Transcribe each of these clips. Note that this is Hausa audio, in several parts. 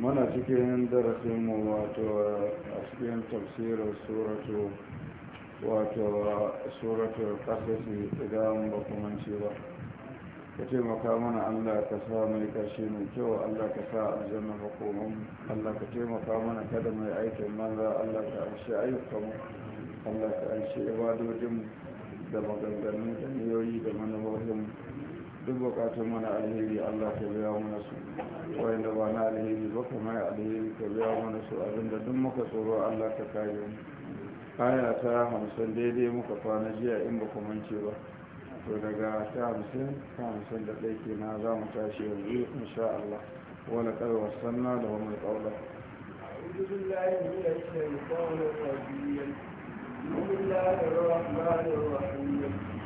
Muna cikin darasinmu wato a cikin tafsirin suratu wato suratu kasasi idan ba kuma ce ba ka taimaka mana allah ka sa mai karshe mai kyau allah ka sa aljanna makoman allah ka taimaka mana kada mai aikin manza allah ka amshi ayyukanmu allah ka da maganganu da da manufofinmu duk bukatun mana alheri Allah ta biya mana su da ba na alheri ba ka mai alheri ka biya mana su abinda duk muka tsoro Allah ta kare mu aya ta hamsin daidai muka kwana jiya in ba kuma mance ba to daga ta hamsin ta hamsin da ɗaya ke na za mu tashi yanzu insha Allah wani ƙarwar sanna da wani ƙaunar بسم الله الرحمن الرحيم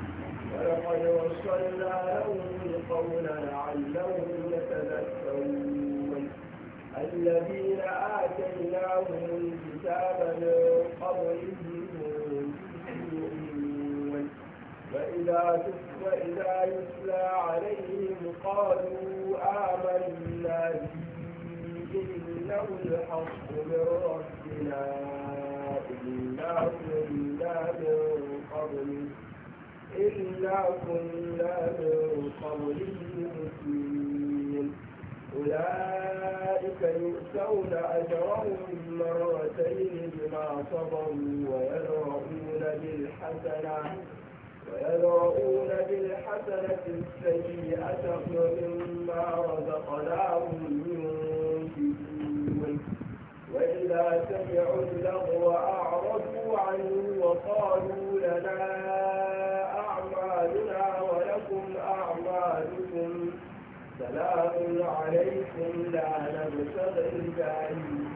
ولقد وصلنا لهم القول لعلهم يتذكرون الذين آتيناهم الكتاب من قبلهم يؤمنون فإذا فإذا يتلى عليهم قالوا آمنا به إنه الحق من ربنا إنا كنا من قبله إلا كنا من قبله مسلمين أولئك يؤتون أجرهم مرتين بما صبروا ويدرؤون بالحسنة ويدرؤون بالحسنة السيئة مما رزقناهم ينفقون وإذا سمعوا اللغو أعرضوا عنه وقالوا لنا عذاب عليكم لا نبتغي الجاهلين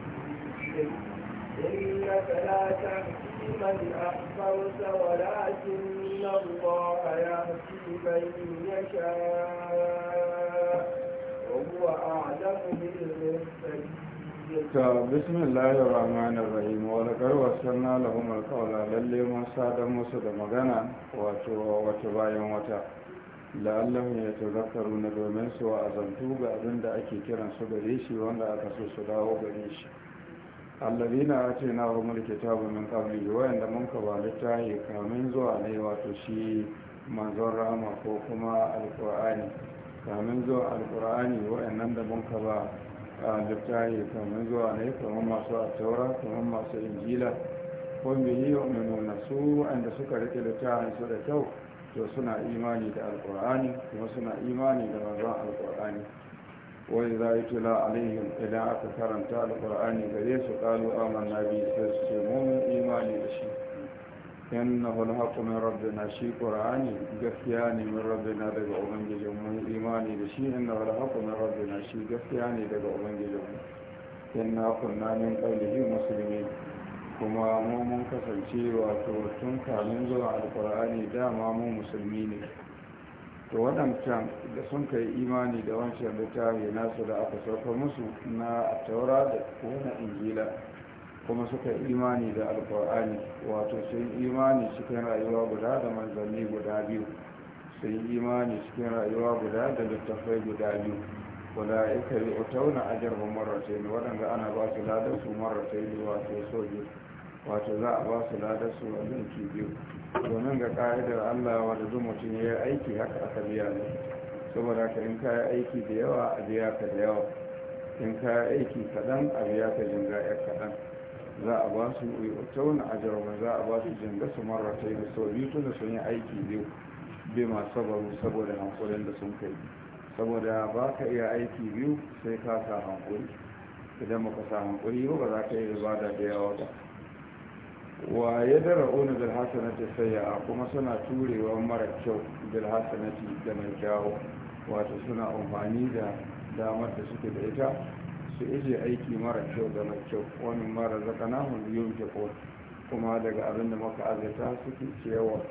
إنك لا تهدي من أحببت ولكن الله يهدي من يشاء وهو أعلم بالمهتدين ta bismillahir rahmanir rahim wa laqad wasalna lahum alqawla lalle mun sadar musu da magana wato bayan wata la'allahu ya tazakaru na domin su wa azantu ga abin da ake kiran su gare shi wanda aka so su dawo gare shi allabi na ce na humar kitabu min wayan da mun ka ba yi kamin zuwa ne wato shi manzon rama ko kuma alkur'ani kamin zuwa wayan nan da mun ka ba littahi kamin zuwa ne kamar masu taura kamar masu injila ko me yi wa su wayanda suka rike littahin su da kyau to suna imani da alkur'ani kuma suna imani da manzon alkur'ani wani za yi tula alaihim idan aka karanta alkur'ani gare su kalu amanna biyu sai su ce mun imani da shi inna wani haqqu min na shi ƙura'ani, gaskiya ne min na daga ubangijin mun imani da shi inna hul haqqu min rabbina shi gaskiya ne daga ubangijin mu inna kunna min qawlihi muslimin kuma mu mun kasance wato tun kamin zuwa alkur'ani dama mu musulmi ne to waɗancan da sun kai imani da wancan littafi nasu da aka sauka musu na taura da kuma injila kuma suka imani da alkur'ani wato sun imani cikin rayuwa guda da manzanni guda biyu sun imani cikin rayuwa guda da littafai guda biyu wala ya kari otauna ajar ba marasai waɗanda ana ba su ladar su marar wato sojoji wato za a ba su ladar su wannan biyu domin ga ƙa'idar allah wadda duk mutum ya yi aiki haka a kariya ne saboda ka in ka aiki da yawa a biya ka da yawa in ka aiki kaɗan a biya ka jin ya kaɗan za a ba su ta wani ajarwa za a ba su jin jinga su marrata da sau biyu tun da sun yi aiki biyu bi masu sabaru saboda hankulin da sun kai saboda ba ka iya aiki biyu sai ka sa hankuli idan baka sa hankuli ba za ka yi da yawa ba wa ya dara ona bilhassanati sayya kuma suna turewa mara kyau bilhassanati da mai kyawo wato suna amfani da damar da suke da ita su ije aiki mara kyau da mai kyau wani mara zaka nahun yau ke kuma daga abin da maka azata suke cewa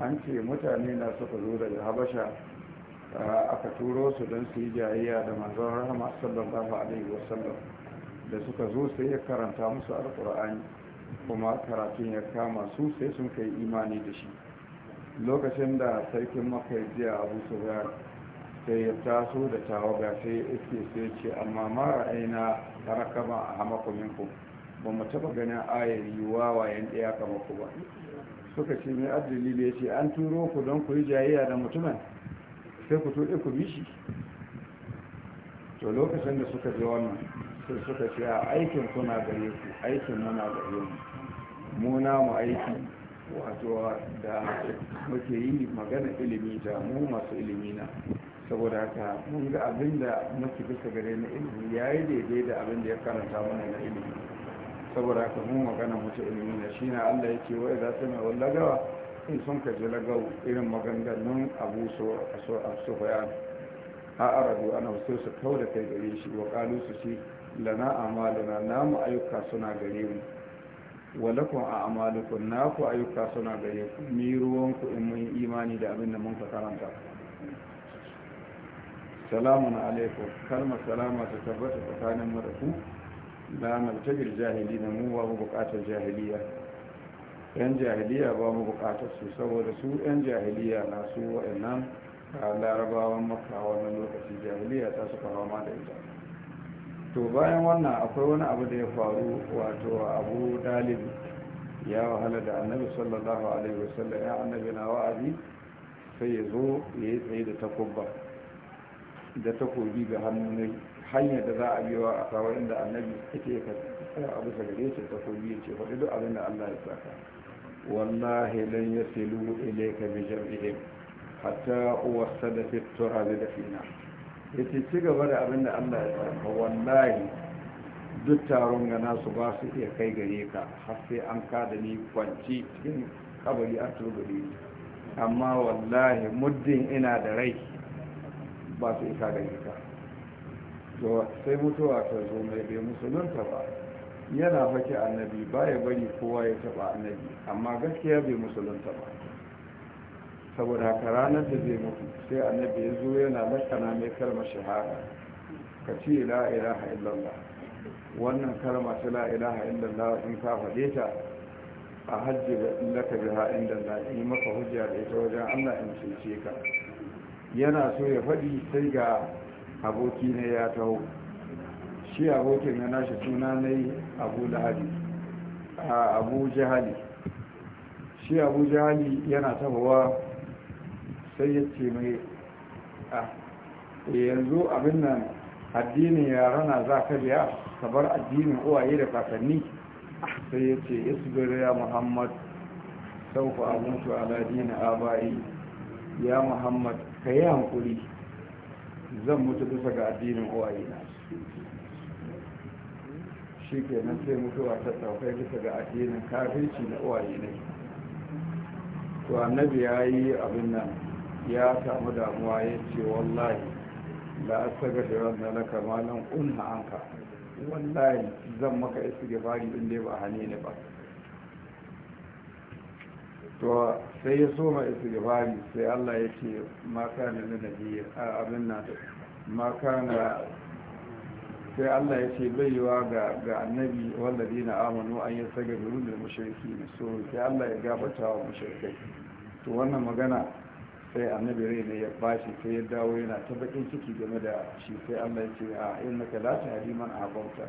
an ce mutane na suka zo daga habasha aka turo su don su yi jayayya da manzon rahama sallallahu alaihi wasallam da suka zo sai ya karanta musu alkur'ani kuma karatun ya kama su sai sun kai imani da shi lokacin da sarkin a abu sufyan sai ya taso da tawaga sai ya iske sai ce amma mara aina ba a hamakuminku ba mu taba ganin ayar yi wawayen ɗaya kama ku ba suka ce mai adalili ya ce an turo ku don ku yi jayayya da mutumin sai ku tuɗe ku shi. to lokacin da suka je wannan sai suka ce a aikin suna gare ku aikin muna gare mu mu aiki wato da muke yi magana ilimi da mu masu ilimi na saboda haka mun ga abin da muke bisa gare na ilimi ya yi daidai da abin da ya karanta mana na ilimi saboda haka mun magana mutu ilimi na shi na allah ya ce wa su sami lagawa in sun ka ji lagau irin maganganun abu so a sofayan a arabu ana wasu su kau da kai gare shi wa kalu su lana amaluna namu ayyuka suna gare mu walakun a amalikun naku ayyuka suna gare ku mi ruwanku in mun imani da abin da mun ka karanta salamun alaikum kalmar salama ta tabbata tsakanin mu da ku jahili da mu ba mu bukatar jahiliya yan jahiliya ba mu bukatar su saboda su yan jahiliya na su wa'annan a larabawan makawa na lokaci jahiliya ta suka fama da ita to bayan wannan akwai wani abu da ya faru wato abu dalib ya wahala da annabi sallallahu alaihi wasallam ya annabi na wa'azi sai ya zo ya yi tsaye da takobba. da takobi ga hannun hanyar da za a biyo a kawo inda annabi ake ka tsaya abu sa gare shi takobi ya ce faɗi duk abin da Allah ya saka wallahi lan yasilu ilayka bi jam'ihim hatta uwassada fi turabi da fina ya ci gaba da abin da allah ya tsarka wallahi duk taron ga nasu ba su iya kai gare ka har sai an kada ni kwanci cikin kabari a turbari amma wallahi muddin ina da rai ba su isa gare ka sai mutuwa ta zo mai bai musulunta ba yana fake annabi ba ya bari kowa ya taba annabi amma gaskiya bai musulunta ba saboda haka ranar da zai mutu sai annabi ya zo yana lakana mai kalmar shahara ka ce la ilaha illallah wannan kalma ta la ilaha illallah in ka faɗe ta a hajji laka biha inda na yi maka hujja da ita wajen Allah in cece ka yana so ya faɗi sai ga aboki ne ya taho shi abokin na nashi suna na yi abu lahadi a abu jihali shi abu jihali yana tahowa sai ya ce mai a ah, eh, yanzu abin nan addinin na za ka biya ka bar addinin uwaye da kakanni sai ya ce isbir ya muhammad saufa abinci ala a abayi ya muhammad ka yi hankuri zan mutu bisa ga addinin uwaye na shi ke nan sai mutuwa ta saukai bisa ga addinin kafirci na uwaye ne to annabi ya yi abin nan ya samu damuwa ya ce wallahi la asaga da ranar na kamanin unha anka wallahi zan maka isu gabari inda ba hane ne ba to sai ya soma isu gabari sai allah ya ce maka na nanabi a abin na maka na sai allah ya ce baiwa ga annabi wallazi na amanu an yi saga da rundun mashirki ne so sai allah ya gabata wa mashirkai to wannan magana sai annabi rai ne ya bashi sai ya dawo yana ta bakin ciki game da shi sai Allah ya ce a in naka la ta hadi man ahbauta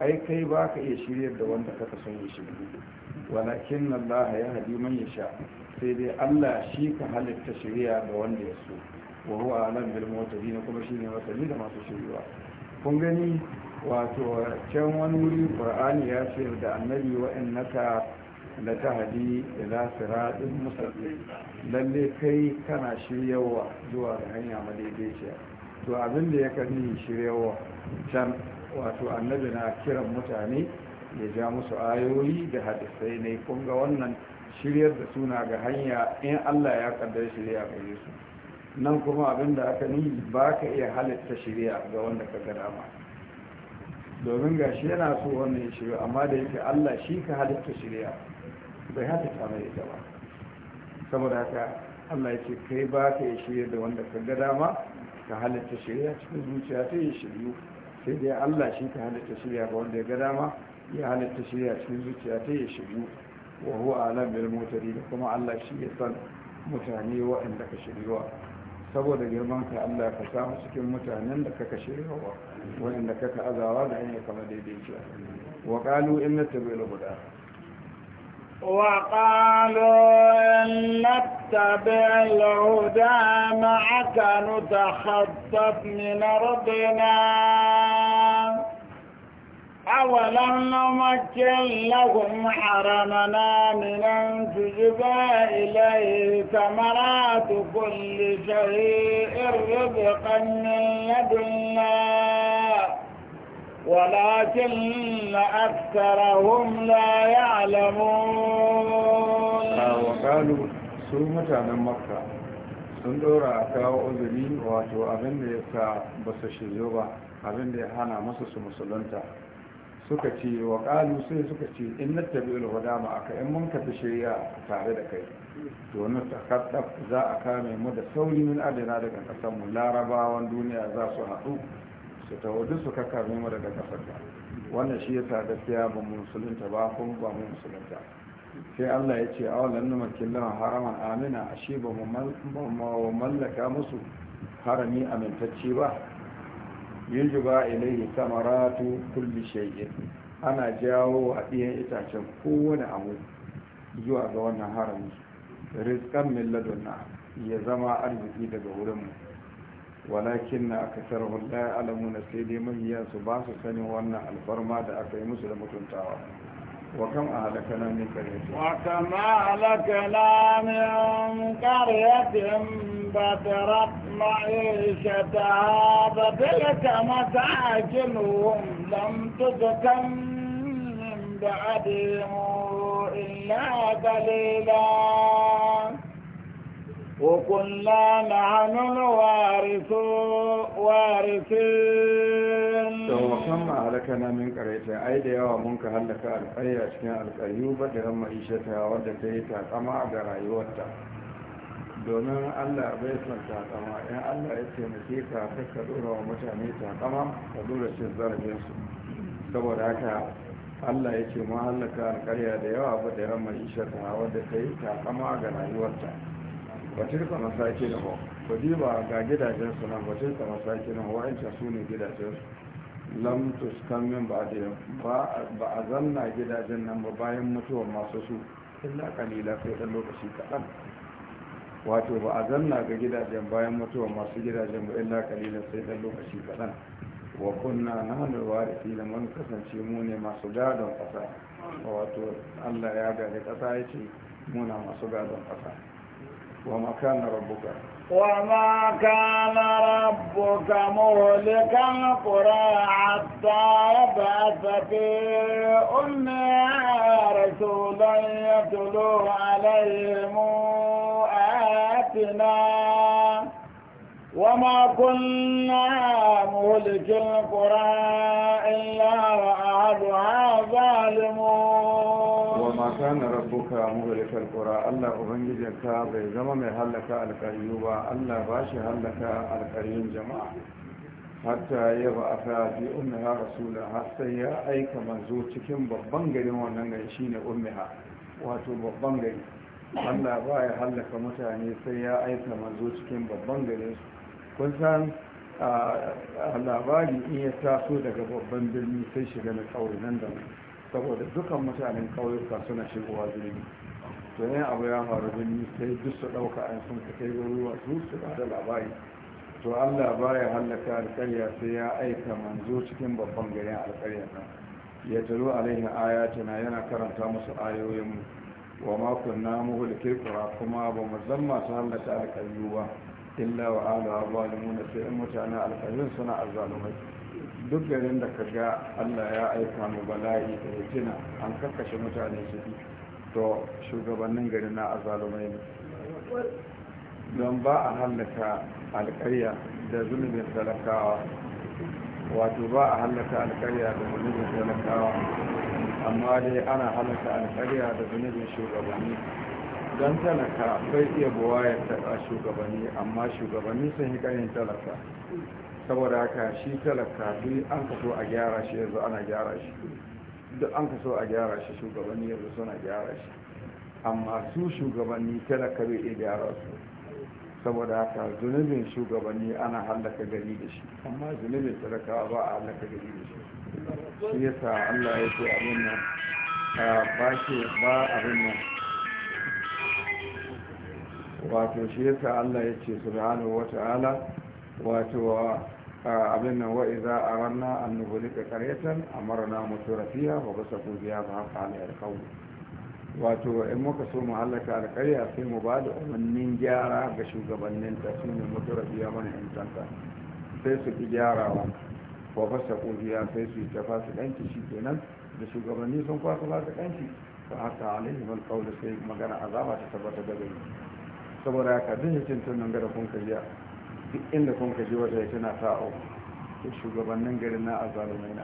ai kai ba ka iya shiryar da wanda kaka son ya shiryu walakin Allah ya hadi man sha? sai dai Allah shi ka halitta shirya da wanda ya so wa huwa alam bil mutadin kuma shi ne masani da masu shiryuwa kun gani wato can wani wuri qur'ani ya ce da annabi wa naka la tahdi ila siratin mustaqim lalle kai kana shiryawa zuwa da hanya madaidaiciya to abin da ya kani shiryawa can wato annabi na kiran mutane ya ja musu ayoyi da hadisai ne kun ga wannan shiryar da suna ga hanya in Allah ya kaddar shirya ga su nan kuma abin da aka ni ba ka iya halitta shirya ga wanda ka ga dama domin ga shi yana so wannan ya shirya amma da yake allah shi ka halitta shirya bai ta mai ita ba saboda haka allah ya ce kai ba ka yi shirya da wanda ka ga dama ka halitta shirya cikin zuciya ta ya shiryu sai dai allah shi ka halitta shirya ga wanda ya ga dama ya halitta shirya cikin zuciya ta ya shiryu wa huwa alam bil mutari da kuma allah shi ya san mutane waɗanda ka shiryuwa saboda girman ka allah ka samu cikin mutanen da ka kaka shiryuwa وإنك kaka azawa da مديدين وقالوا إن daidai cewa وقالوا إن نتبع الهدى معك نتخطف من أرضنا أولم نمكن لهم حرمنا من أن تجبى إليه ثمرات كل شيء رزقا من لدنا ولكن أكثرهم لا يعلمون وقالوا su mutanen makka sun dora a kawo uzuri wato abin da ya sa ba su shiryo ba abin da ya hana masu su musulunta suka ce wa sai suka ce in na tabi ulhuda ma aka in mun kafi tare da kai to na takaddaf za a kame mu da sauri min adana daga ƙasar mu larabawan duniya za su haɗu su taho duk su karni mu daga kasar ka wannan shi yasa gaskiya ba musulunta ba kuma ba musulunta sai Allah ya ce a awalan numakin lawan haraman amina a shi ba mu mallaka musu harami amintacci ba yunjuba ilayhi samaratu kulli shege. ana jawo a ɗiyan itacen kowane abu zuwa ga wannan harami rizqan milladunna na. ya zama arziki daga wurinmu walakin na aka sarrafa daya alamu na sai dai mahiya su basu su sanin wannan alfarma da aka yi musu da mutuntawa wakan a halaka na min kare su wakan a halaka na min kare yakin ba ta rafa ba ta yi kama ta a kinu don tuka kan da adimu illa kalila وقلنا نحن الوارثين وارثين سوى من قريتها أي da yawa mun ka hallaka alƙarya cikin alƙaryu ba da ran ma'ishata wadda ta rayuwarta domin allah bai son takama in allah ya taimake ka ka dora wa mutane takama ka dora zarafinsu saboda haka allah ya ce mun alƙarya da yawa ba da ran ma'ishata wadda ta yi takama ga rayuwarta watilka masaki da ho ku ba ga gidajen su nan watilka masaki na ho wa'ancan su ne gidajen su lam tuskan min ba da ba a zanna gidajen nan ba bayan mutuwar masu su illa kalila sai dan lokaci kaɗan wato ba a zanna ga gidajen bayan mutuwar masu gidajen ba illa kalila sai dan lokaci kaɗan wa kunna na hannun warisi da mun kasance mu ne masu gadon ƙasa wato allah ya gade ƙasa ya ce muna masu gadon ƙasa وما كان ربك وما كان ربك مهلك القرى حتى يبعث في أمها رسولا يتلو عليهم آياتنا وما كنا مهلك القرى إلا وأهلها ظالمون ma kana rabbuka muhlikal qura Allah ubangijinka bai zama mai halaka alƙaryu ba Allah ba shi halaka alƙaryun jama'a hatta ya ba aka fi ummiha rasula har sai ya aika manzo cikin babban garin wannan gari shine ummiha wato babban gari Allah ba ya halaka mutane sai ya aika manzo cikin babban garin kun san labari in ya taso daga babban birni sai shiga na kauye nan da nan saboda dukan mutanen kauyuka suna shigowa birni to ne abu ya faru ni? sai duk su ɗauka an sun ka kai wa su su da labari to allah baya hallaka alƙarya sai ya aika manzo cikin babban garin alƙarya nan ya talo alaihi ayatuna yana karanta musu ayoyinmu wa ma kunna muhlikil qura kuma ba mu zamma su hallaka ba illa wa ala zalimuna sai mutanen alƙarya suna azzalumai duk garin da ka ga allah ya aika mu bala'i da hikina an karkashe mutane ciki to shugabannin gari na azalumai ne don ba a hallaka alkarya da zunubin talakawa wato ba a hallaka alkarya da zunubin talakawa amma dai ana hallaka alkarya da zunubin shugabanni don talaka bai iya ya taɓa shugabanni amma shugabanni sun yi ƙarin talaka saboda haka shi talaka duk an kaso a gyara shi yanzu ana gyara shi duk an kaso a gyara shi shugabanni yanzu suna gyara shi amma su shugabanni talaka bai iya gyara su saboda haka zunubin shugabanni ana hallaka gari da shi amma zunubin talakawa ba a hallaka gari da shi shi yasa allah ya ce abin nan ba shi ba abin nan wato shi yasa allah ya ce subhanahu wata'ala wato abin nan wa iza aranna an a qaryatan amarna mutrafiha wa basaku biya ba qala al-qawl wato in muka so mu halaka alƙarya sai mu ba da umarnin gyara ga shugabannin ta su ne mutrafiya mana in sai su fi gyarawa wa basaku biya sai su ta fasu shi kenan da shugabanni sun kwasa fasu danki fa haka alaihim al-qawl sai magana azaba ta tabbata da gari saboda ka duk cin tunan gada kun kajiya duk inda kuma ka ji wajen tana sa'o da shugabannin garin na azalumai na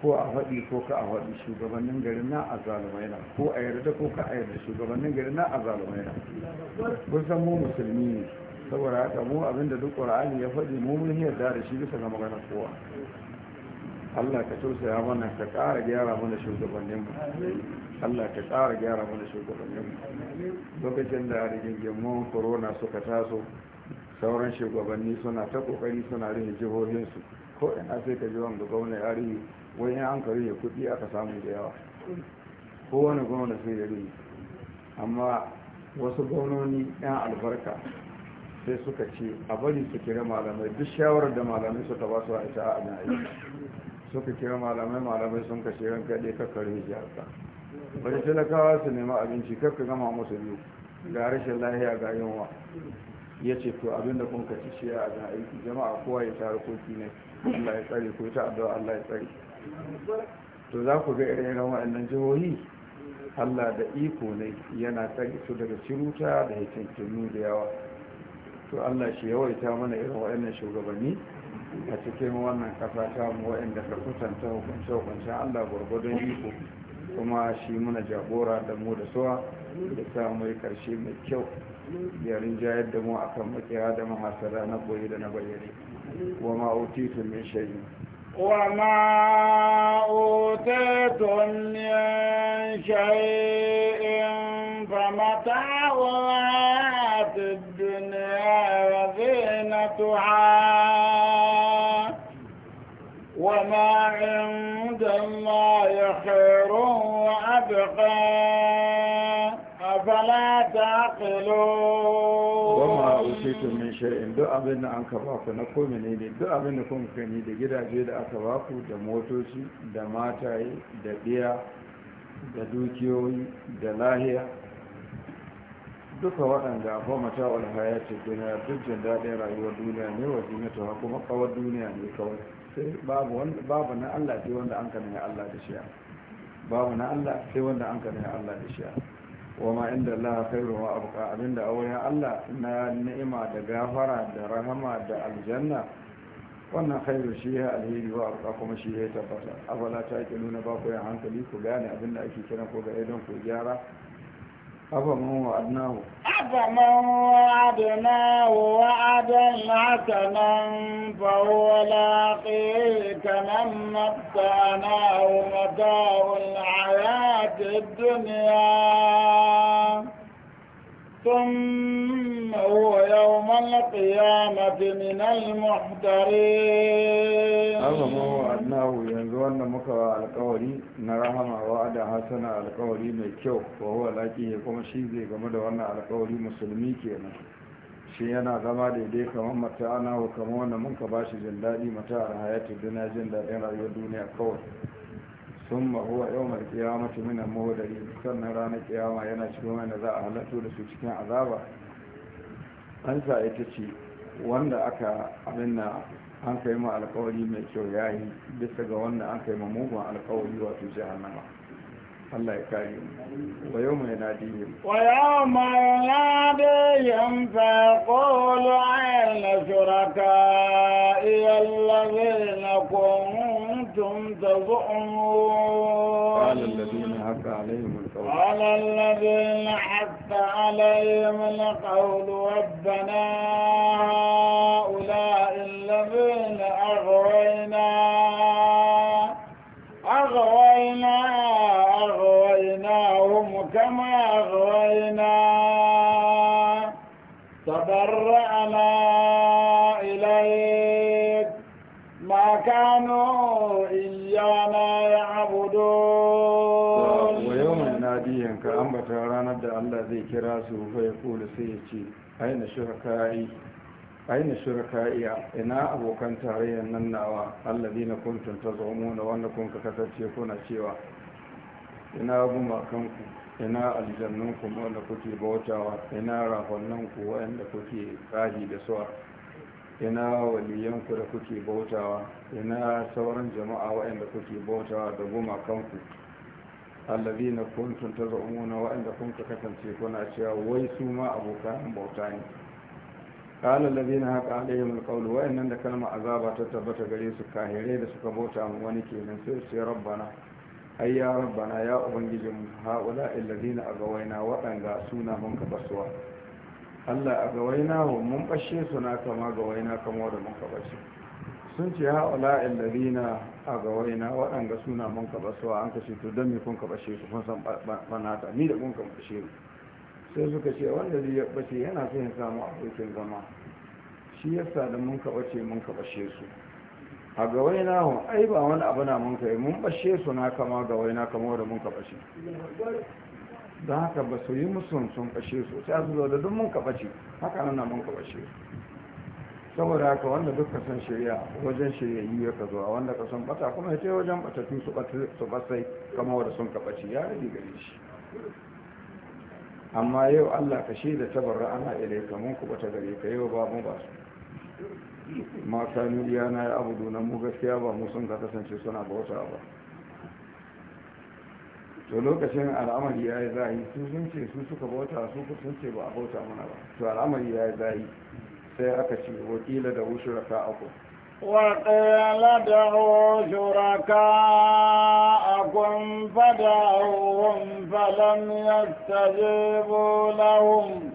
ko a faɗi ko ka a faɗi shugabannin garin na azalumai na ko a yarda ko ka a yarda shugabannin garin na azalumai na kun san mu musulmi ne saboda haka mu abinda duk ƙura'ani ya faɗi mu mun yarda da shi bisa ga maganar kowa Allah ka tausaya mana ka ƙara gyara mana shugabanninmu Allah ka ƙara gyara mana shugabanninmu lokacin da rigingimun corona suka taso sauran shugabanni suna ta kokari suna jihohin su ko ina sai ka ji wanda gwamna ya rihe wani an ka rihe kuɗi aka samu da yawa ko wani gwamna sai ya rihe amma wasu gwamnoni 'yan albarka sai suka ce a bari su kira malamai duk shawarar da malamai suka ba su a ita a aiki suka kira malamai malamai sun kashe ran kaɗe kakka rijiya ka wani talakawa su nema abinci kakka gama musu biyu ga rashin lahiya ga yunwa ya ce to abinda kun ci shi a ga aiki jama'a kowa ya tara koki ne Allah ya tsare ko ta addu'a Allah ya tsare to za ku ga irin waɗannan jihohi Allah da iko ne yana tsare su daga ciruta da hikinkinu da yawa to Allah shi yawaita mana irin waɗannan shugabanni a cikin wannan kasa ta waɗanda ka kusanta hukunce-hukunce allah gwargwadon iko kuma shi muna jagora da mu da suwa da samu mai karshe mai kyau yarin jayar da mu akan makiya da mahasara na boye da na bayyane wa su min shayi shayi in وما أوتيتم من شيء فمتاع الحياة الدنيا وزينتها ما عند الله خير وأبقى أفلا تعقلون وما أوتيتم من شيء abin da an ka baku na komai ne ne duk abin da kun kani da gidaje da aka baku da motoci da mataye da biya da dukiyoyi da lahiya duka waɗanda a mata walhaya ce duniya duk jin daɗin rayuwar duniya ne wa ta kuma kawar duniya ne kawai sai babu na Allah sai wanda an kanin Allah da shiya babu na Allah sai wanda an kanin Allah da shiya wa ma inda Allah khairu wa abqa abinda awaya Allah na ni'ima da gafara da rahama da aljanna wannan khairu shi ya alheri wa abqa kuma shi ya tabbata afala ta ki nuna ba ku hankali ku gane abinda ake kira ko ga idan ku gyara أفمن وعدناه أفمن وعدناه وعدا حسنا فهو لاقيك من متعناه متاع الحياة الدنيا ثم هو يوم القيامة من المحترين هو أنه ينزون مكوى على القولي نرحم وعد حسن القولي ميكيو وهو لكي يقوم شيزي كما على القولي مسلمي كينا shi yana zama daidai kamar mata ana wa kamar wanda mun ka bashi jin daɗi mata a hayati duniya jin rayuwar duniya kawai sun mahuwa yau mai kiyamata mina mahodari sannan ranar kiyama yana cikin wanda za a halatto da su cikin azaba an sa ita ce wanda aka abin na an kai ma alkawari mai kyau yayi bisa ga wanda an kai ma mugun alkawari wato jihannama Allah ya kare mu wa yawma yanadihim wa yawma yanadihim fa yaqulu ayna shuraka'i alladhina kuntum taz'umun qala alladhina haqqa alayhim القول قال الذين حق عليهم القول ربنا هؤلاء kira su fa ya kula sai ya ce aina shuraka'i aina ina abokan tarayyar nan nawa allazina kuntum tazumuna wanda kun ka kasance kuna cewa ina gumakanku ina aljannunku wanda kuke bautawa ina rahonnanku wanda kuke kaji da suwa ina waliyanku da kuke bautawa ina sauran jama'a waanda kuke bautawa da gumakanku ta kuntum na wa kun ka kasance kuna cewa wai su ma abokan bauta ne qala allazina haqa alaihim alqawlu wa inna da kalma azaba ta tabbata gare su kahire da suka bauta mu wani kenan sai sai rabbana ai ya rabbana ya ubangijin haula allazina agawaina wadanga suna mun ka basuwa Allah a gawaina wa mun bashe suna kama gawaina kama da mun ka sun ce ha'ula illarina a gawaina waɗanda suna mun kaba suwa an kashe to don me kun kaba bashe su kun san banata ni da kun kaba su. sai suka ce wanda zai bace yana son ya samu abokin zama shi ya sa da mun kaba ce mun kaba bashe su a gawaina hun ai ba wani abu na mun kai mun bashe su na kama gawaina kama da mun kaba shi Da haka ba su yi musun sun bashe su sai a zuwa da duk mun kaba ce haka nan na mun kaba shi su saboda haka wanda duk ka san shirya wajen shiryayyu ya kazo a wanda ka bata kuma ya ce wajen batattun su basai kama wadda sun ka ɓaci ya rage gare shi amma yau allah ka shi da tabarra ana ilai kamun mun kuɓa gare ka yau ba mu ba su mata nuriya na ya abu dunan mu gaskiya ba mu sun ka kasance suna bauta ba to lokacin al'amari ya yi zahi su sun ce su suka bauta su sun ce ba a bauta mana ba to al'amari ya yi zahi sai aka ce kila da wasu raka akun wakila da wasu raka akun fada ohun falon yasta jebo lahun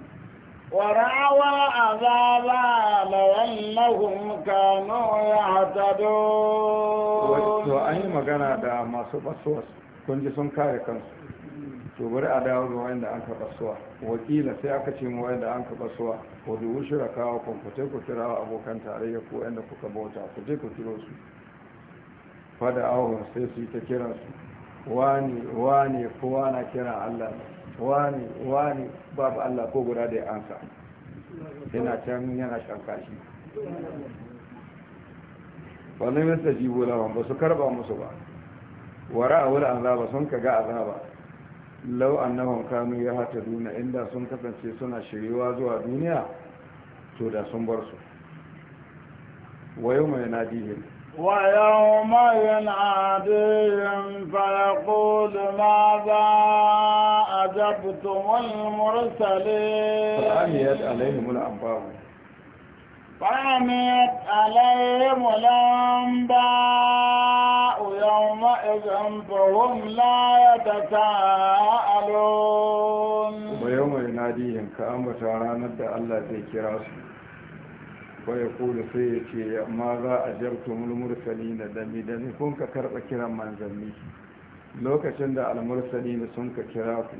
warawa a zaba lawan lahun kano ya hata doon wato an magana da masu basuwas kun ji sun kare kansu to bari a dawo ga wanda an ka basuwa wakila sai aka ce mu wanda an ka basuwa ko da ushra kawo kun fitai ku kira abokan tarayya ko wanda kuka bauta ku je ku kiro su fada awo sai su ta kira su wani wani kowa na kira Allah wani wani babu Allah ko guda da ya ansa yana can yana shanka shi wannan yasta jibo lawan ba su karba musu ba wara a wurin zaba sun kaga ga azaba lau na kanu ya hata duna inda sun kasance suna shiryuwa zuwa duniya to da sun bar su wayo yau mai nadihim wa yau mai nadihim fayaqul ma za a ajabtumul mursalin fa amiyat alaihimul anba'u فعميت عليهم الأنباء يومئذ فهم لا يتساءلون ويوم يناديهم كأمة راند الله زي كراسه ويقول سيتي ماذا أجبتم المرسلين دمي دمي كنك كرب كرام من زمي lokacin da almursali ne sun ka kira ku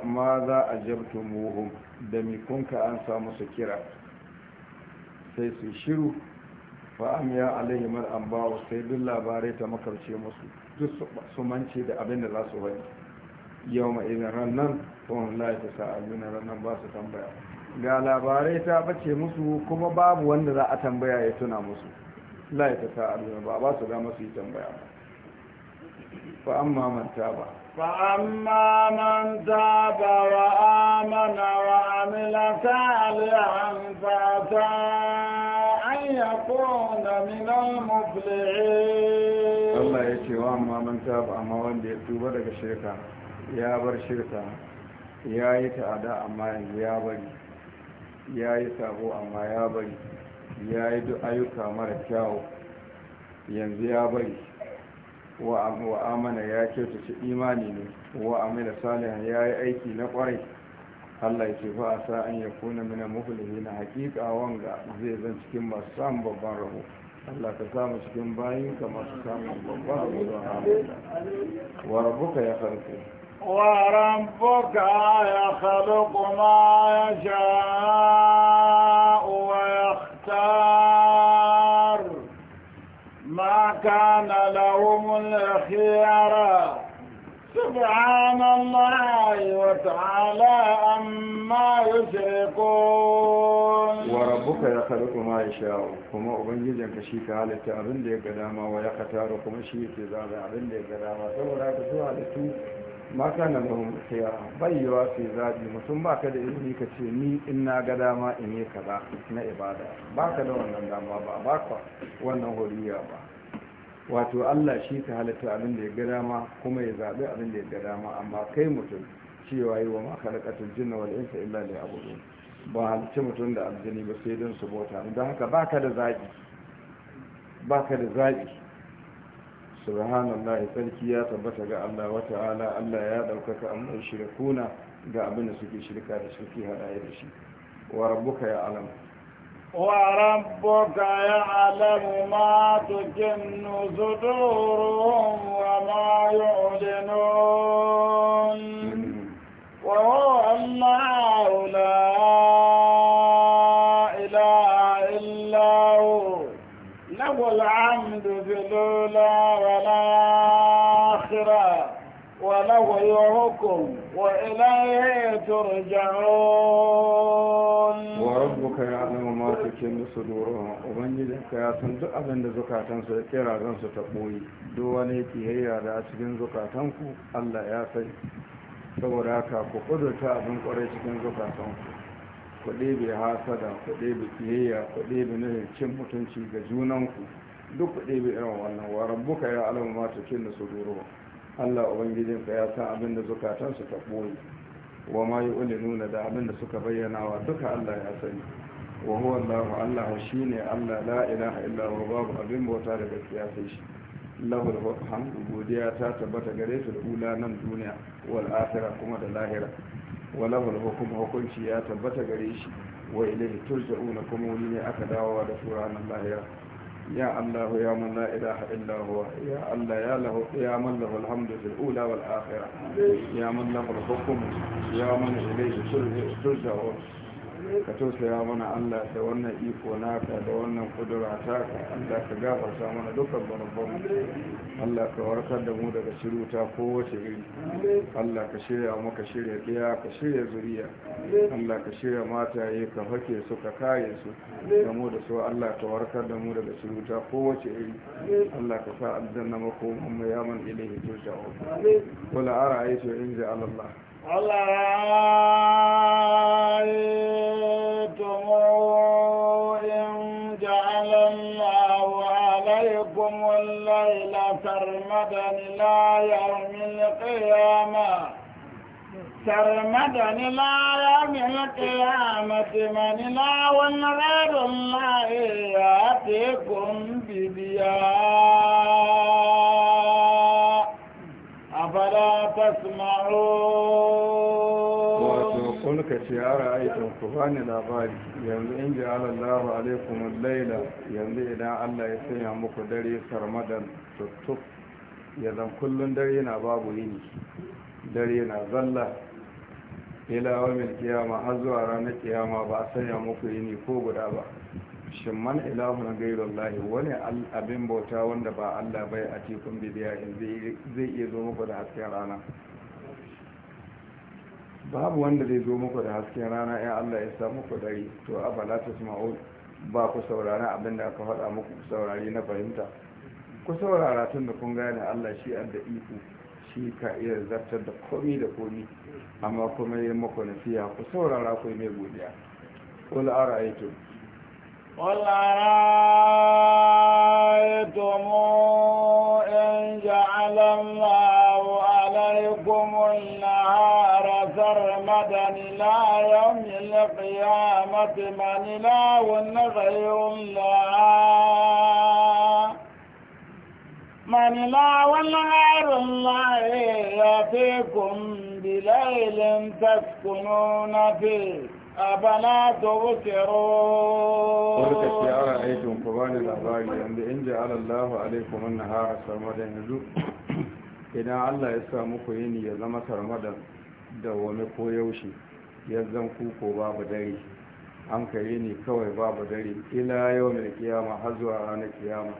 ma za a jabtumuhum da mi kun ka an samu su kira sai su shiru fa'am ya an ba wa sai duk labarai ta makarce musu duk su mance da abin da za su bai yau mai idan rannan tsohon laifin sa'ayyuna rannan ba su tambaya ga labarai ta bace musu kuma babu wanda za a tambaya ya tuna musu laifin abin ba ba su dama masu yi tambaya ba فأما من تاب فأما من تاب وآمن وعمل صالحا فأتى أن يكون من المفلحين الله يتي وأما من تاب أما وندي يتوب لك الشركة يا بر شركة يا يتعدى أما يا بر يا yi sabo amma ya bari ya yi duk ayyuka mara kyawu yanzu ya wa amana ya kyautace imani ne wa Amina salihan ya yi aiki na kwarai Allah ya ce ba a sa an ya kuna mina muflihi na hakika wanga zai zan cikin masu samun babban rabo Allah ka samu cikin bayin ka masu samun babban rabo don hamdala wa rabbuka ya khalqu wa rabbuka ya khalqu ma yasha wa yakhtar كان لهم الخيارة سبحان الله وتعالى أما يشركون وربك يخلق ما يشاء كما أبنجزن كشيك على التأبن دي قداما ويختار كما شيك إذا أبن دي قداما سورة تسوى لتو ما كان لهم خيار بيوا في ذاتي مسلم ما كده إذني كتيني إنا قداما إني كذا إنا إبادة باك لهم لندام وبا باك وانا هوليا باك wato allah shi ka halitta abin da ya ga dama kuma ya zaɓi abin da ya ga dama amma kai mutum cewa yi wa makalakatun jinna wal insa illa ne abu ba halicci mutum da aljini ba sai don su bauta don haka baka da zaɓi baka da zaɓi subhanallah sarki ya tabbata ga allah wa ta'ala allah ya ɗaukaka amma shirkuna ga abin da suke shirka da suke haɗa da shi wa rabbuka ya alama. وربك يعلم ما تكن صدورهم وما يعلنون وهو الله لا إله إلا هو له العمد في الأولى والآخرة وله يحكم وإليه ترجعون وربك يعلم ما تكن صدورهم وبنجدك يا سنت أبن زكاة سيكيرا غنس تقوي دواني هي على أسجن زكاة الله يا سي saboda haka ku kudurta abin kwarai cikin zukatanku ku hasada ku ɗebe kiyayya ku ɗebe nufin cin mutunci ga junanku duk ku ɗebe irin wannan wa rabbuka ya alama ma tukin da su durowa Allah ubangijin ka ya san abin da zukatan su ta ɓoye. wa ma nuna da abin da suka bayyana wa duka Allah ya sani wa huwa Allah Allah shine Allah la ilaha illa huwa babu abin bauta da gaskiya sai shi lahul godiya ta tabbata gare su ula nan duniya wal akhirah kuma da lahira wa lahul hukm hukunci ya tabbata gare shi wa ilayhi turja'una kuma wuri ne aka dawowa da su ranar lahira يا الله يا من لا إله إلا هو يا الله يا له يا من له الحمد في الأولى والآخرة يا من له الحكم يا من إليه ترجع ka tausaya mana Allah da wannan iko naka da wannan kudura ka Allah ka gafarta mana dukkan barabban Allah ka warkar da mu daga shiru ta kowace iri Allah ka shirya maka shirya ɗaya ka shirya zuriya Allah ka shirya mataye ka hake su ka kare su da mu da su Allah ka warkar da mu daga shiru ta kowace iri Allah ka sa aljanna makoman mu in Allah إن جعل الله عليكم الليل سرمدا لا يوم القيامة سرمدا إلى يوم القيامة من إله غير الله يأتيكم بديان tasmaro wato kun ka ce ya bani labari yanzu in ji alallahu alaikum laila yanzu idan allah ya sanya muku dare sarmadan tuttuk yanzu kullum dare na babu yini dare na zalla ila wa kiyama har zuwa ranar kiyama ba a sanya muku yini ko guda ba shin man ilahun gairun lahi wani abin bauta wanda ba allah bai a cikin in zai iya zo muku da hasken rana babu wanda zai zo muku da hasken rana ya allah ya sa ku dari to bala ta sma'ul ba ku saurara abin da aka faɗa muku saurari na fahimta ku saurara tun da kun gane allah shi an da iko shi ka iya zartar da komi da komi amma kuma yi muku nafiya ku saurara ku mai godiya ƙul ara قل أرأيتم إن جعل الله عليكم النهار سرمدا إلى يوم القيامة من إله غير الله من إله غير الله يأتيكم بليل تسكنون فيه abana dogo tero wanda ke ara aikin ku bani labari wanda in ji ala na alaikum annahara samadan yanzu idan Allah ya sa muku yini ya zama tarmadan da wani ko yaushe ya zan babu dare an kai kawai babu dare ila yau ne kiyama har zuwa ranar kiyama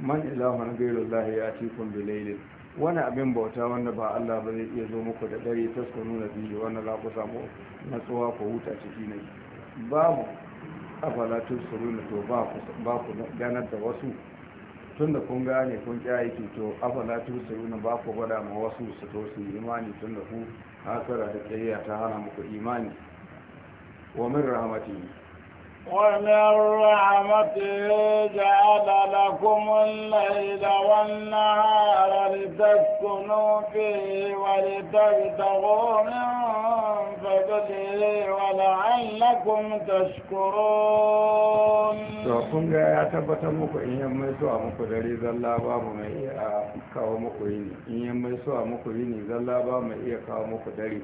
man ilahu an gairu Allah ya ci kun bilailin wani abin bauta wanda ba Allah ba zai iya zo muku da dare ta suka nuna biyu wanda za ku samu natsuwa ku huta ciki ne babu afalatun suru na to ba ku ganar da wasu tun da kun gane kun kyaye ke to afalatun suru na ba ku gwada ma wasu su to su imani tun da ku hasara da tsayayya ta hana muku imani wa min rahmatihi ومن رحمته جعل لكم الليل والنهار لتسكنوا فيه ولتبتغوا من فضله ولعلكم تشكرون kun ga ya tabbatar muku in yan mai suwa muku dare zalla babu mai iya kawo muku yini in yan mai suwa muku yini zalla ba mai iya kawo muku dare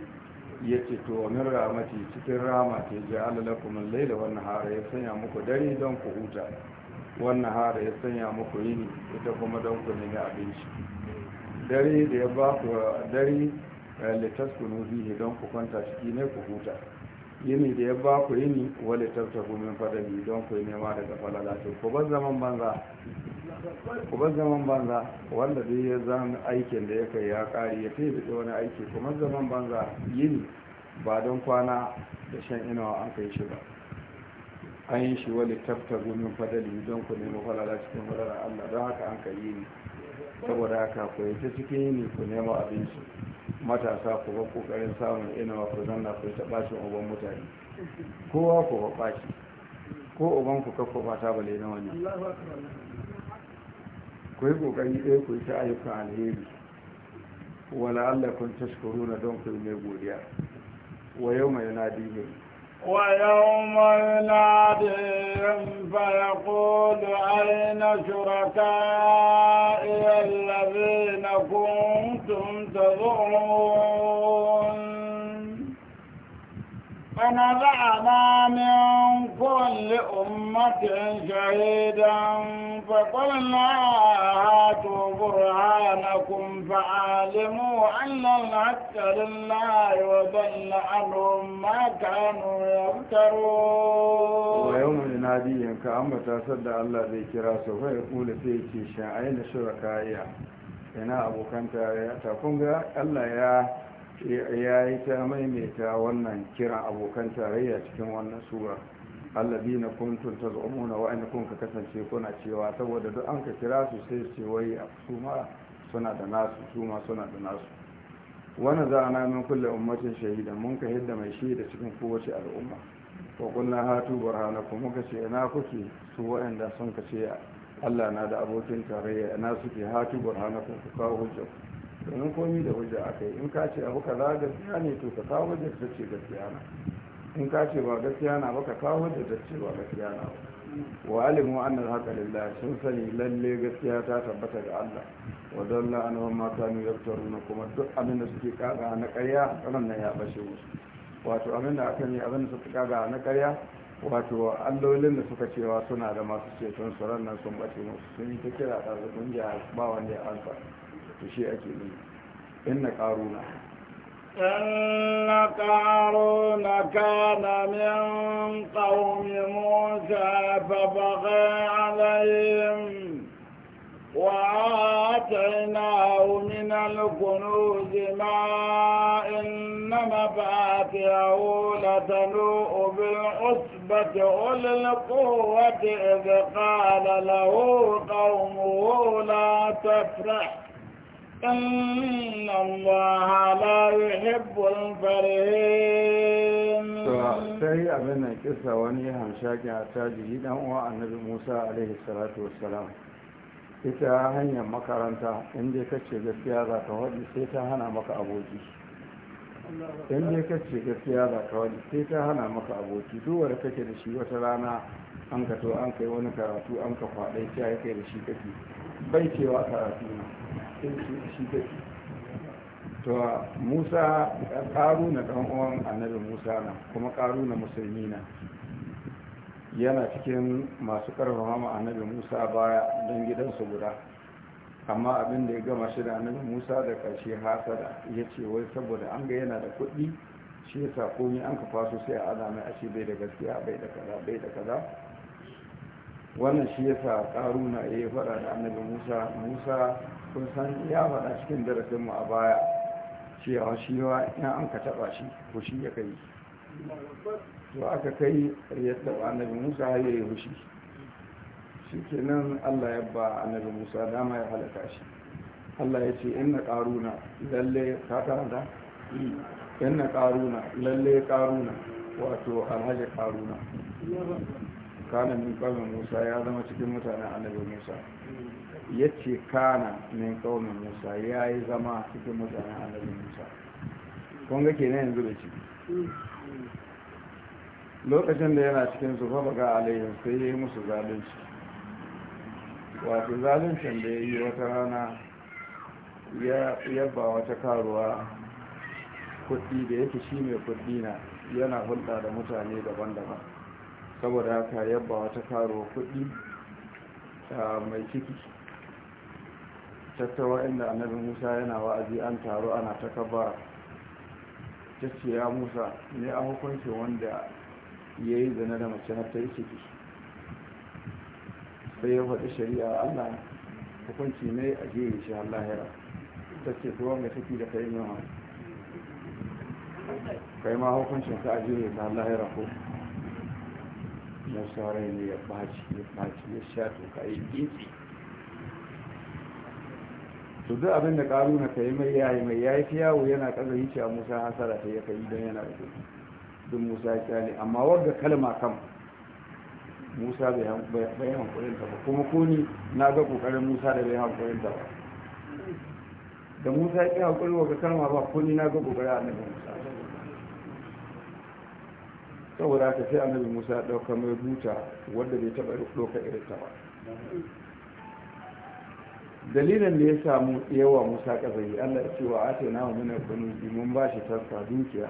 ya ce to wa min ramati cikin rama ta ji alalakumin laila wannan hara ya sanya muku dare don ku huta wannan hara ya sanya muku yini ita kuma don ku nemi abinci dare da ya ba ku dare eh, littaskunu bihi don ku kwanta ciki ne ku huta yini da ya ba ku yini wale tafta min fadali don ku yi nema daga falalata ku zaman banza ku bar zaman banza wanda zai ya zama aikin da ya kai ya kare ya fi da wani aiki kuma zaman banza yini ba don kwana da shan inawa an kai shi ba an yi shi wale tafta min fadali don ku nema falala cikin fadalar Allah don haka an kai yini saboda haka ku yi ta cikin yini ku nema abinci matasa ku ba kokarin samun inawa ku zanna ku ta bacin uban mutane kowa ku ba baci ko uban ku kakko ba ta bale na wannan ku yi kokari ɗaya ku ta ayyukan alheri wala Allah kun tashkuru na don ku yi mai godiya wa yau mai nadi ne ويوم يناديهم فيقول أين شركائي الذين كنتم أنتم تضعون فنبعنا من كل أمة شهيدا فقلنا هاتوا برهانكم فعالموا أن الحق لله وضل عنهم ما كانوا يفترون ويوم يناديهم كأمة تصدى الله ذي كراسه ويقول فيك شاعين شركائيا yana abokan tarayya kun ga allah ya ya yi ta maimaita wannan kiran abokan tarayya cikin wannan sura allabi na kuntun ta na wa'anda kun ka kasance kuna cewa saboda duk an ka kira su sai su ce wai a su ma suna da nasu su suna da nasu wani za a namin kulle ummatin shahida mun ka hidda mai da cikin kowace al'umma ko kunna hatu Kuma muka ce ina kuke su wa'anda sun ka ce Allah na da abokin tarayya na suke hatu ko su kawo hujjar domin komi da hujja aka yi in ka ce abu za gaskiya ne to ka kawo hujjar ta ce gaskiya na in ka ce ba gaskiya na ba ka kawo hujjar ta ce ba gaskiya na ba wa alimu annal haka sun sani lalle gaskiya ta tabbata ga Allah wa dalla mata ma kanu yaftaruna kuma duk abin da suke kaga na ƙarya kanan na ya bashe musu wato abin da aka yi abin da suke kaga na ƙarya wato allolin da suka cewa suna da masu ceton su nan sun bace musu sun yi ta kira a ɗarzakun ba wanda ya ansa to shi ake ne inna ƙaruna inna ƙaruna kana min ƙaumi musa fa baga alayhim وآتيناه من الكنوز ما إن مفاتحه لتنوء بالعسر صحبة أولي القوة إذ قال له قومه لا تفرح إن الله لا يحب الفرحين سي أبنى كسا وني همشاك عتاجه دعوة النبي موسى عليه الصلاة والسلام إذا هنيا makaranta إن ta ce gaskiya تهدي ta هنا sai in dai ka ce gaskiya za ka wani sai ta hana maka aboki duwar kake da shi wata rana an ka to an kai wani karatu an ka kwaɗai ta ya kai da shi kake bai cewa karatu na shi kake to musa ƙaru na ɗan'uwan uwan annabi musa na kuma ƙaru na musulmi na yana cikin masu ƙarfafa ma annabi musa baya don gidansu guda amma abin da ya gama shi da annabi musa da ƙarshe hasada ya ce wai saboda an ga yana da kuɗi shi ya sa ni an ka faso sai a azami a ce bai da gaskiya bai da kaza bai da kaza wannan shi ya sa karuna ya yi faɗa da annabi musa musa kun san ya faɗa cikin darasin mu a baya cewa shi wa in an ka taɓa shi ko shi ya kai to aka kai ya taɓa annabi musa ya yi hushi shi nan allah ya ba annabi musa dama ya halaka shi allah ya ce inna karuna lalle ka karanta inna karuna lalle karuna wato alhaji karuna kana min kawai musa ya zama cikin mutanen annabi musa ya ce kana min kawai musa ya yi zama cikin mutanen annabi musa Kun ke kenan yanzu da shi? lokacin da yana cikin su fa baga alayhim sai ya yi musu zalunci wato zaluncin da ya yi wata rana ya yabba wata karuwa kudi da yake shi mai kuɗi na yana hulɗa da mutane daban-daban saboda haka yabba wata karuwa kudi mai ciki tattawa inda annabi musa yana wa'azi an taru ana ta kabara ta ce ya musa ne a hukuncin wanda ya yi zane da mace na ta ciki sai ya faɗi shari'a allah hukunci ne a jere shi har lahira ta ce tuwa mai suke da kai ma kai ma hukuncin ka a jere ta har lahira ko na rai ne ya ɓaci ya ɓaci ya sha toka yi ƙinci to duk abin da na ka yi mai yayi mai yayi yi yawo yana ƙaza yi a musa hasara ta ya kai don yana da duk musa ya kyale amma wadda kalma kan musa bai hankulin ta ba kuma kuni na ga kokarin musa da bai hankulin ta ba da musa ya ƙi hankulin wa kalma ba kuni na ga kokarin annabi musa saboda haka sai annabi musa ya ɗauka mai buta wadda bai taɓa ɗauka irin ta ba dalilin da ya samu yawa musa ƙazari allah ya ce wa ake na wa mana kunu mun ba shi tarsa dukiya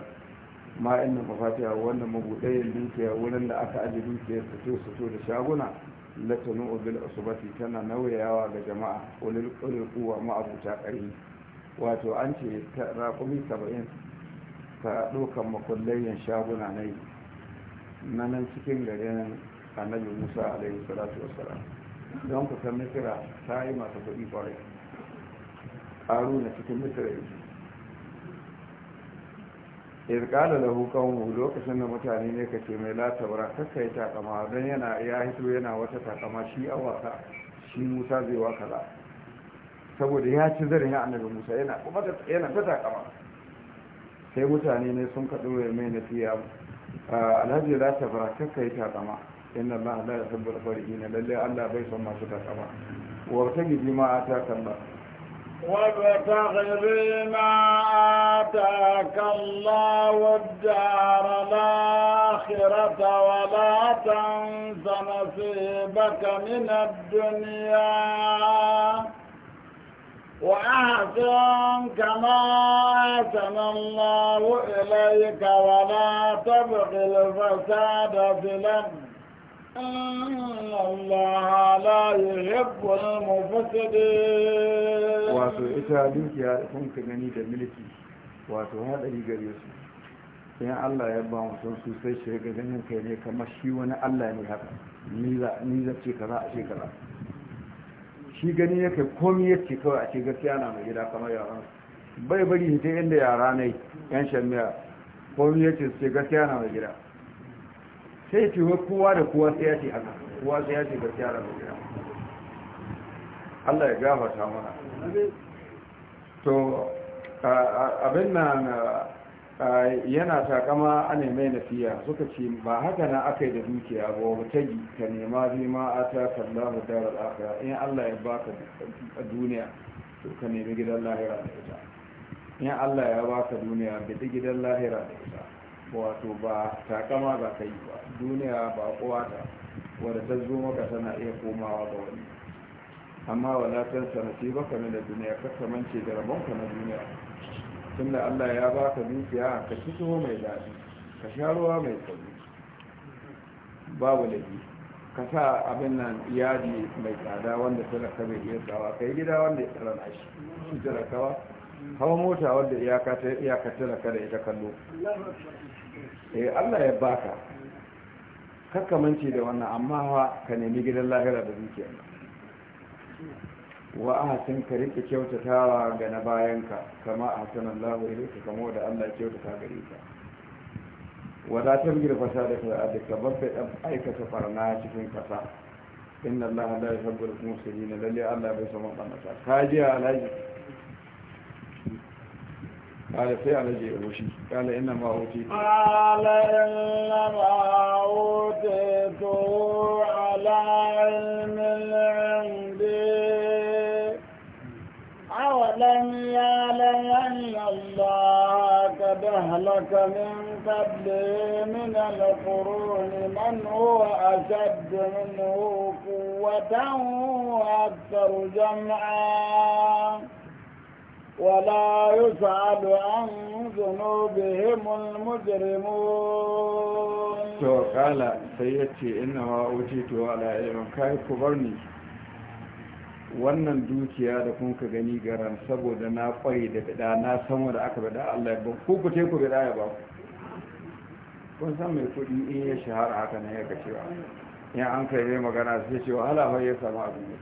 ma inna mafatiha wannan mabudayin dukiya wurin da aka aje dukiyar fito to da shaguna tanu bil usbati tana nawayawa ga jama'a ulil ulil quwa ma abuta ƙarfi wato an ce raƙumi saba'in ta ɗaukan makullayen shaguna na yi na nan cikin garin annabi musa alaihi salatu wassalam don ku san misira ta yi masu kuɗi kwarai. ƙaru na cikin misira yake irkala da mu lokacin da mutane ne ka ce mai latabara kakka yi takama don yana ya hito yana wata takama shi a wasa shi musa zai wa kaza saboda ya ci zarin ya annabi musa yana kuma yana ta takama sai mutane ne sun kaɗo ya mai nasiya alhaji latabara kakka yi takama inna allah la yuhibbul farihin lalle allah bai son masu takama wa ta gidi ma ta kalla وابتغ بما آتاك الله الدار الآخرة ولا تنس نصيبك من الدنيا وأحسن كما أحسن الله إليك ولا تبغي الفساد في الأرض إن الله لا يحب المفسدين wato ita dukiya kun ka gani da miliki wato haɗari gare su sai Allah ya ba mutum su sai shi ga ganin kai ne kamar shi wani Allah ne haka ni za ce kaza a ce kaza shi gani yake komai yake kawai a ce gaskiya na mai gida kamar yaran bai bari ta inda yara ne yan shamiya komai yake su ce gaskiya na mai gida sai ce kowa da kowa sai ya ce haka kowa sai ya ce gaskiya da gaskiya Allah ya gafata mana to abin nan yana takama a na fiya suka ce ba haka na aka yi da dukiya ba wa mutagi ka nema zima a ta kallahu darar akira in allah ya baka duniya to ka nemi gidan lahira da ita in allah ya baka duniya bidi gidan lahira da ita wato ba takama ba ka yi ba duniya ba kowa ta wadda ta zo maka tana iya komawa ga wani amma wala tan sanati baka na duniya ka kamance da rabonka na duniya tunda Allah ya baka dukiya ka ci mai daɗi ka sha ruwa mai tsauri babu da biyu. ka sa abin nan iyali mai tsada wanda tana bai iya tsawa ka yi gida wanda ya tsara na shi shi talakawa hawa mota wanda iyaka talaka da ita kallo eh Allah ya baka kakkamance da wannan amma wa ka nemi gidan lahira da zuciya wa ahsin ka rike kyautatawa ga na bayanka kama a ahsanallahu ilayka kama da Allah kyautata gare ka wadatar girfasa da da ka babbe ɗan aikata farna cikin ƙasa inna allah la yuhibbul muslimin lalle allah bai so mun ka ji alhaji قال سيعلى جيروشي قال إنما أوتيت قال إنما أوتيت على علم عندي أولم يعلم أن الله قد أهلك من قبله من القرون من هو أشد منه قوة وأكثر جمعا ولا يسأل عن ذنوبهم المجرمون to قال sai ya ce ina إيمان كاي كبرني kai ku bar ni wannan dukiya da kun ka gani garan saboda na kwari da bida na san da aka bada Allah ba ku ku ku bida ya ba kun san mai kudi in ya shahara haka ne ya cewa in an kai mai magana sai ce wahala fa ya samu abin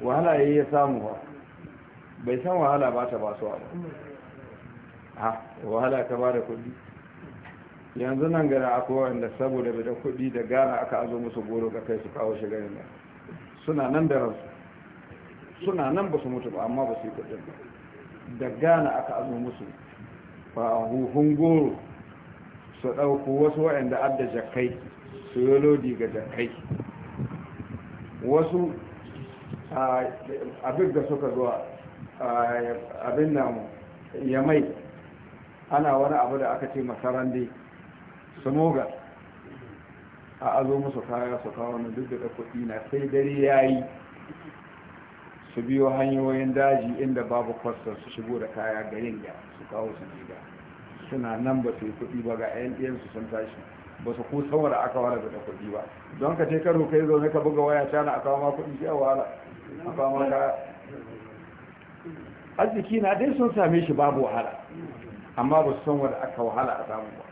wahala ya samu bai san wahala ba ta ba su abu ha wahala ka ba da kuɗi yanzu nan gara akwai wanda saboda bai da kuɗi da gara aka azo musu goro ga kai su kawo shi garin nan suna nan da ransu suna nan ba su mutu ba amma ba su yi kuɗin ba da gana aka azo musu ba a huhun goro su ɗauku wasu waɗanda adda jakai su yi lodi ga jakai wasu abin da suka zuwa abin namu. ya mai ana wani abu da aka ce masarandi su moga a azo musu kaya su kawo na duk da kudi na sai dare ya yi su biyo hanyoyin daji inda babu kwastar su shigo da kaya garin ya su kawo su gida suna nan ba su yi kudi ba ga yan su sun tashi ba su ko da aka wara da kudi ba don ka ce karo kai zaune ka buga waya cana a kawo ma kuɗi a wala a kawo ma kaya arziki na dai sun same shi babu wahala amma ba su san wanda aka wahala a samu ba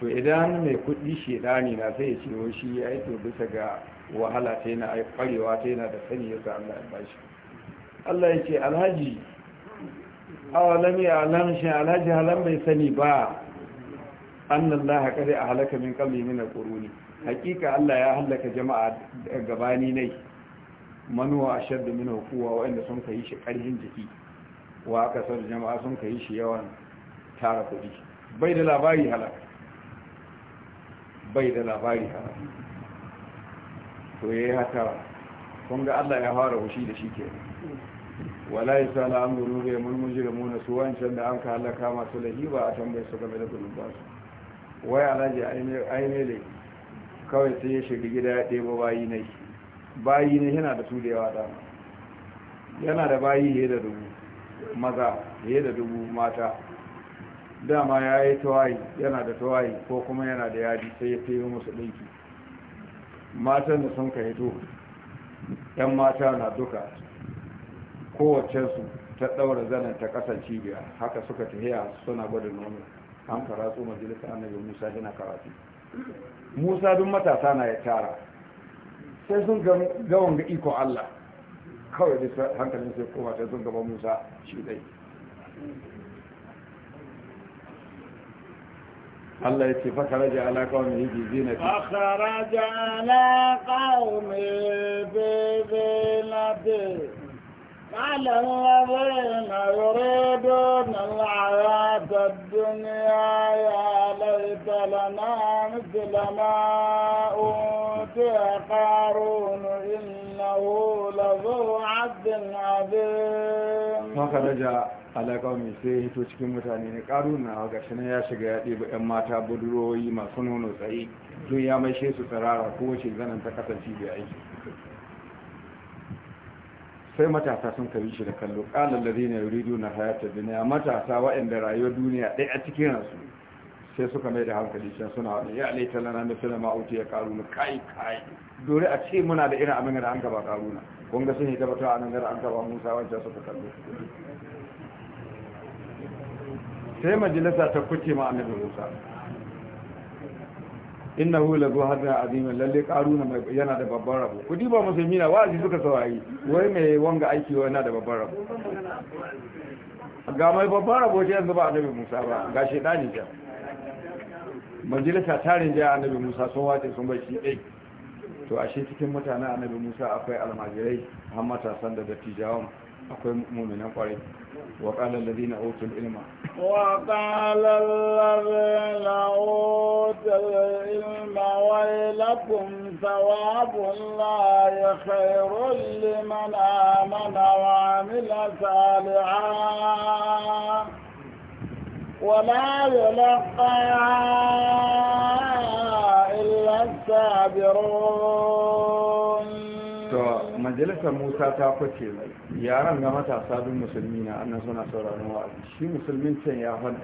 to idan mai kudi shedani na sai ya ce wa shi ya yi bisa ga wahala ta yana kwarewa ta yana da sani Allah ya bashi Allah ya ce alhaji lami a shi alhaji halan bai sani ba annan Allah kare a halaka min kalli min al hakika Allah ya halaka jama'a gabani nai manuwa a shaddu min hukuwa waɗanda sun ka yi shi ƙarfin jiki wa aka jama'a sun ka yi shi yawan tara kuɗi bai da labari halak bai da labari halak to ya yi haka kun ga allah ya fara hushi da shi ke wala yi sa na an guru bai mulmuji da muna su wancan da an ka halaka masu lahi ba a tambayi su game da gudun ba su wai alaji ainihin kawai sai ya shiga gida ya ɗebo bayi na yi bayi ne yana da su da yawa dama yana da bayi fiye da dubu maza fiye da dubu mata dama ya yi tawayi yana da tawayi ko kuma yana da yadi sai ya fiye musu ɗinki matan da sun ka hito yan mata na duka kowacensu ta ɗaura zanen ta ƙasar cibiya haka suka hiyar suna gwada nono an karatu majalisa annabi musa yana karatu musa duk matasa na ya tara sai sun ga iko Allah kawai bisa hankalin sai koma sai sun gaba Musa shi dai الله يتي fi على قومه بزينته فخرج على قومه بزينته قال الذين يريدون الحياة الدنيا يا ليت لنا مثل ما أوتي قارون إنه لذو عبد عظيم ala kawai sai hito cikin mutane ne karuna a gashi na ya shiga ya ɗiba 'yan mata budurori masu nono tsaye don ya maishe su tsirara kowace zanen ta kasance bai aiki sai matasa sun kabi shi da kallo ƙalar da zina yuri na hayatar duniya matasa waɗanda rayuwar duniya ɗaya cikin ransu sai suka mai da hankali can suna waɗanda ya alaita lana na suna ma'auti ya na kai kai dore a ce muna da irin abin da an gaba ƙaruna na ga sun yi gabata a nan gara an gaba musa wancan suka kallo sai majalisa ta kuce ma annabi musa hu la zu hadda azima lalle karuna mai yana da babban rabo kudi ba musulmi na wa'azi suka sawayi wai mai wanga aiki wai yana da babban rabo ga mai babban rabo ce yanzu ba annabi Musa ba ga shedani ta majalisa tarin da annabi Musa sun wace sun bar shi dai to ashe cikin mutanen annabi Musa akwai almajirai har matasan da dattijawan akwai mu'minan kwarai wa qala alladhina utul ilma wa qala alladhina utul ilma wa lakum thawabu allahi khairul liman amana wa amila salihan ولا يلقى إلا السابرون to majalisar musa ta kwace yaran ga matasa bin musulmi na annan suna sauraron wa'azi shi musulmin can ya fada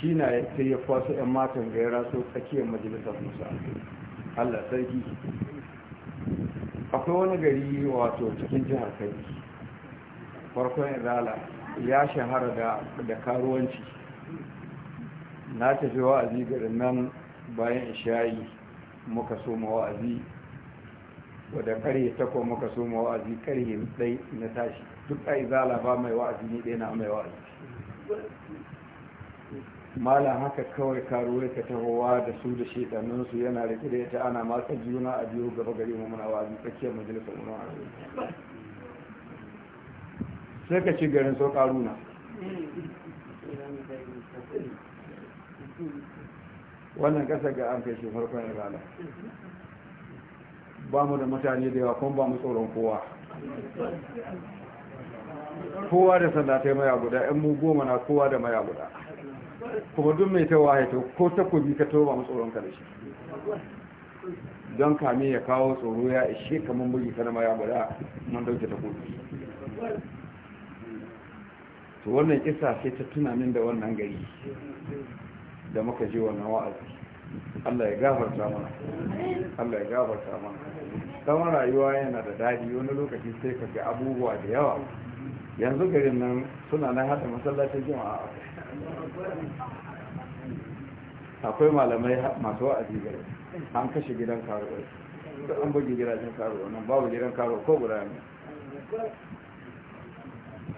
shi na ta ya yan matan ga ya raso tsakiyar majalisar musa allah sarki akwai wani gari wato cikin jihar kai farkon izala ya shahara da karuwanci na tafi wa'azi ga nan bayan isha'i muka so mawa'azi wa'azi to da karye takwa muka so ma wa'azi kare dai na tashi duk ai ba mai wa'azi ne dai na mai wa'azi malam haka kawai karuwai ka tahowa da su da shedannin su yana rike da ta ana matsa juna a biyu gaba gari mu muna wa'azi tsakiyar majalisar mu sai ka ci garin so karuna wannan kasa ga an kai shi farkon rana ba mu da mutane da yawa kuma ba mu tsoron kowa kowa da sanda ta yi maya guda yan mu goma na kowa da maya guda kuma duk mai ta waye to ko takobi ka to ba mu tsoron ka da shi don kame ya kawo tsoro ya ishe kamar ta na maya guda mun dauke ta to wannan kisa sai ta tuna min da wannan gari da muka je wannan wa'azi Allah ya gafarta mana Allah ya gafarta mana kamar rayuwa yana da daɗi wani lokaci sai ka ga abubuwa da yawa yanzu garin nan suna na hada masallacin jima'a akwai malamai masu wa'azi gari an kashe gidan karo, da an bugi gidajen karo, nan babu gidan karo ko guda ne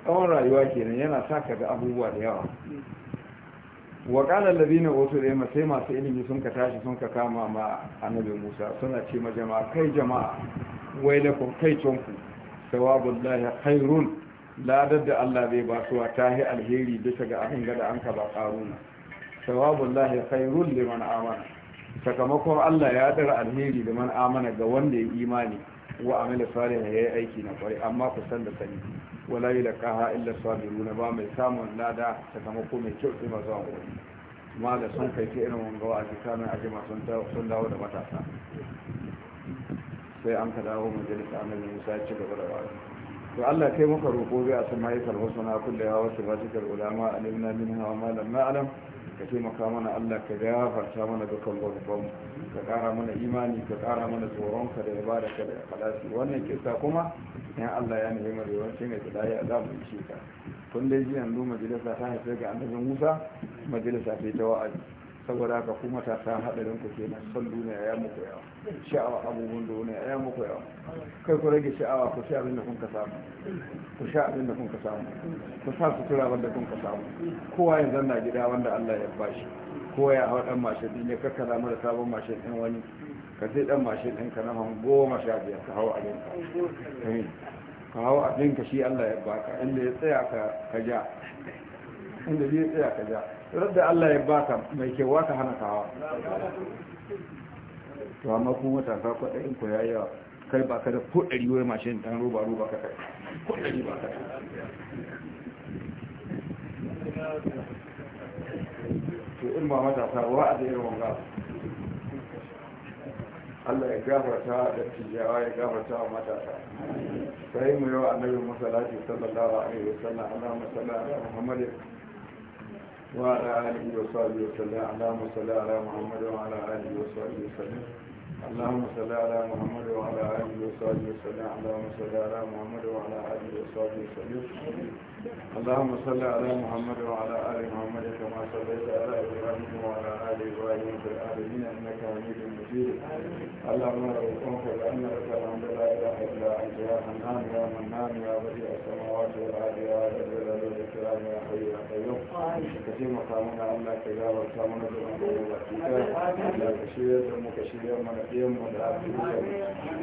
tsawon rayuwa kenan yana sa ka ga abubuwa da yawa wa kala allazina wato da sai masu ilimi sun ka tashi sun ka kama ma annabi Musa suna ce ma jama'a kai jama'a Wai wailakum kai tonku sawabullahi khairun ladar da Allah bai ba su ta yi alheri bisa ga abin gada an ka ba karuna sawabun lahi khairun liman amana sakamakon Allah ya dara alheri liman amana ga wanda ya imani wa amila salihan yayi aiki na kwarai amma ku san da sani wala yulqaha illa na ba mai samun lada sakamako mai kyau sai masu hankali da sun kai ta irin wangawa a tsakanin ajima sun dawo da matasa sai an ka dawo majalisa annabi Musa ya ci gaba da wa'azi to Allah kai muka roƙo bai a samaikar husna kullaha wa sifatikal ulama na minha wa ma lam alam ka taimaka mana Allah ka gafarta mana dukkan gwagwabanmu ka kara mana imani ka kara mana tsoronka da ibada ka da ikhlasi wannan kisa kuma in Allah ya nemi mai yawanci mai ya za mu shi ka Tun dai ji yanzu majalisa ta haife ga annabi Musa majalisa ta ta wa'azi saboda haka kuma ta san hadarin ku kenan son duniya ya muku yawa sha'awa abubuwan duniya ya muku yawa kai ku rage sha'awa ku sha abin da kun ka samu ku sha abin da kun ka samu ku sa sutura wanda kun ka samu kowa ya zanna gida wanda Allah ya bashi koya a waɗannan mashin ɗin ya kakkara mara sabon mashin ɗin wani ka sai ɗan mashin ɗin ka na hau goma sha biyar ka hau abinka eh, ka hau abinka shi allah ya baka inda ya tsaya ka ja inda zai tsaya ka ja radda allah ya baka mai kewa ka hana ka hawa to amma kuma matasa in ku ya yawa kai ba ka da kuɗari wai mashin ɗan roba roba ka kai kuɗari ba ka kai to in ba matasa ba a da irin wanga Allah ya gafarta da tijjawa ya gafarta wa matasa sai mu yau annabi masalaci sallallahu alaihi wasallam Allahumma salli ala Muhammad wa ala alihi wa sahbihi sallam ala salli ala Muhammad wa ala alihi wa sahbihi wa sallam اللهم صل على محمد وعلى آله وصحبه وسلم اللهم صل على محمد وعلى آله وصحبه وسلم اللهم صل على محمد وعلى آل محمد كما صليت على إبراهيم وعلى آل إبراهيم في العالمين إنك حميد مجيد اللهم ربكم فلأن لك الحمد لا إله إلا أنت يا حنان يا منان يا بديع السماوات والأرض يا ذا الجلال والإكرام يا حي يا قيوم كثير مقامنا الله كجاب الكامل بالأمر والكتاب لا كشير المكشير من makiyan mu da abin da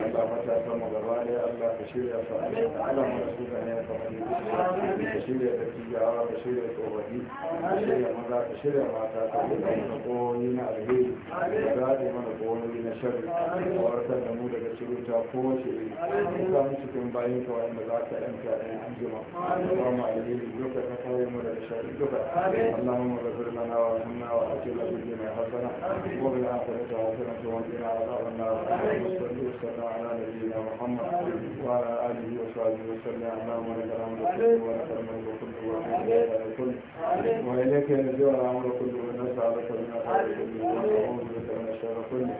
Allah mata san mu gaba da Allah ka shirya su Allah mu rasu da ne kamar yadda ka shirya da tijawa ka shirya tsofaffi ka shirya maza ka shirya mata ka buɗe mana kowoyi na alheri ka zaɗe mana kowoyi na sharri ka warkar da mu daga ciruta kowace iri ka samu cikin bayan ka wanda za ka yanka a yin anjima ba mu alheri duka ka kare mu daga sharri duka Allahumma ghafir lana wa hamna wa atina bi dunya hasana wa bil akhirati hasana wa qina آباءنا وصلي وسلم على نبينا محمد وعلى آله وصحبه وسلم على من الأمر كله ولك الملك وإليك يرجع الأمر كله ونسألك من الخير كله ونعوذ بك من الشر كله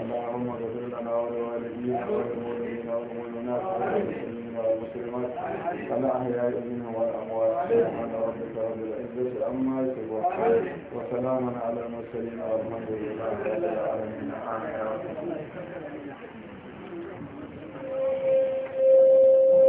اللهم اغفر لنا ولوالدينا وللمؤمنين والمؤمنات والمسلمين الأحياء منهم والأموال سبحان ربك رب العزة عما يصفون وسلاما على المرسلين والحمد لله رب العالمين آمين